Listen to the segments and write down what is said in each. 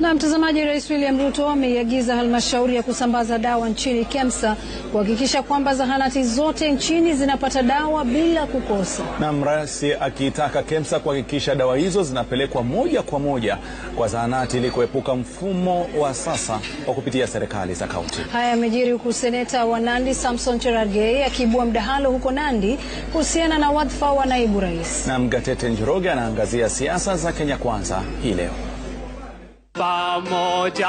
Na mtazamaji, Rais William Ruto ameiagiza halmashauri ya kusambaza dawa nchini KEMSA kuhakikisha kwamba zahanati zote nchini zinapata dawa bila kukosa. Na Rais akiitaka KEMSA kuhakikisha dawa hizo zinapelekwa moja kwa moja kwa zahanati ili kuepuka mfumo wa sasa wa kupitia serikali za kaunti. Haya yamejiri huku seneta wa Nandi Samson Cherargei akiibua mdahalo huko Nandi kuhusiana na wadhifa wa naibu rais. Na Mgatete Njoroge anaangazia siasa za Kenya Kwanza hii leo pamoja.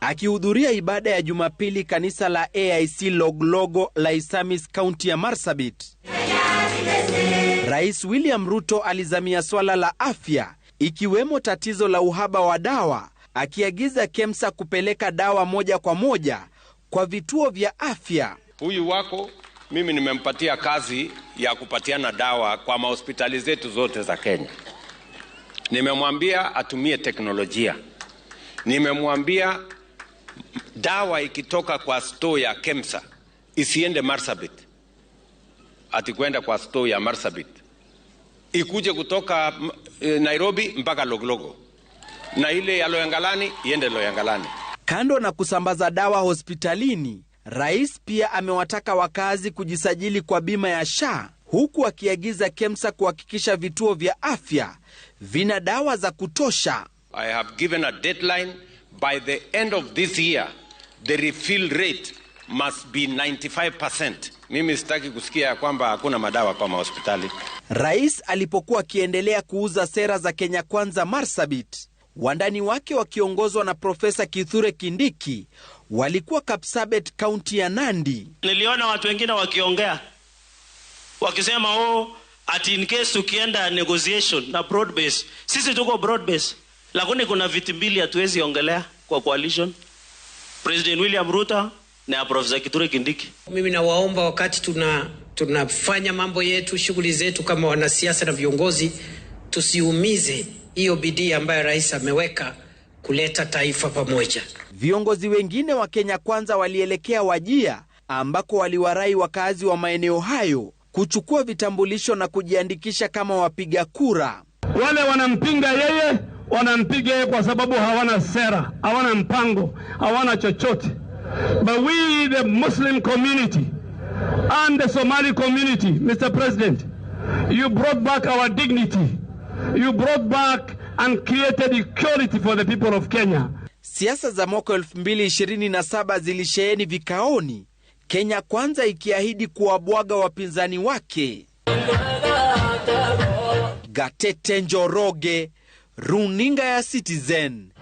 Akihudhuria ibada ya Jumapili kanisa la AIC Loglogo la Isamis kaunti ya Marsabit, Rais William Ruto alizamia swala la afya ikiwemo tatizo la uhaba wa dawa, akiagiza KEMSA kupeleka dawa moja kwa moja kwa vituo vya afya. Huyu wako mimi nimempatia kazi ya kupatiana dawa kwa mahospitali zetu zote za Kenya. Nimemwambia atumie teknolojia. Nimemwambia dawa ikitoka kwa store ya Kemsa isiende Marsabit, ati kwenda kwa store ya Marsabit, ikuje kutoka eh, Nairobi mpaka Loglogo na ile ya Loyangalani iende Loyangalani. Kando na kusambaza dawa hospitalini, rais pia amewataka wakazi kujisajili kwa bima ya SHA huku akiagiza Kemsa kuhakikisha vituo vya afya vina dawa za kutosha. I have given a deadline. By the end of this year, the refill rate must be 95%. Mimi sitaki kusikia ya kwamba hakuna madawa kwa mahospitali. Rais alipokuwa akiendelea kuuza sera za Kenya Kwanza Marsabit, wandani wake wakiongozwa na Profesa Kithure Kindiki walikuwa Kapsabet, kaunti ya Nandi. Niliona watu wengine wakiongea wakisema, oh, at in case tukienda negotiation na broad base, sisi tuko broad base lakini kuna viti mbili hatuwezi ongelea kwa coalition, President William Ruto na Profesa Kithure Kindiki. Mimi nawaomba wakati tuna tunafanya mambo yetu, shughuli zetu kama wanasiasa na viongozi, tusiumize hiyo bidii ambayo rais ameweka kuleta taifa pamoja. Viongozi wengine wa Kenya Kwanza walielekea Wajia ambako waliwarai wakazi wa maeneo hayo kuchukua vitambulisho na kujiandikisha kama wapiga kura. Wale wanampinga yeye wanampiga yeye kwa sababu hawana sera, hawana mpango, hawana chochote. But we the Muslim community and the Somali community, Mr. President, you brought back our dignity. You brought back and created equality for the people of Kenya. Siasa za mwaka 2027 zilisheheni vikaoni, Kenya Kwanza ikiahidi kuwabwaga wapinzani wake. Gatete Njoroge runinga ya Citizen.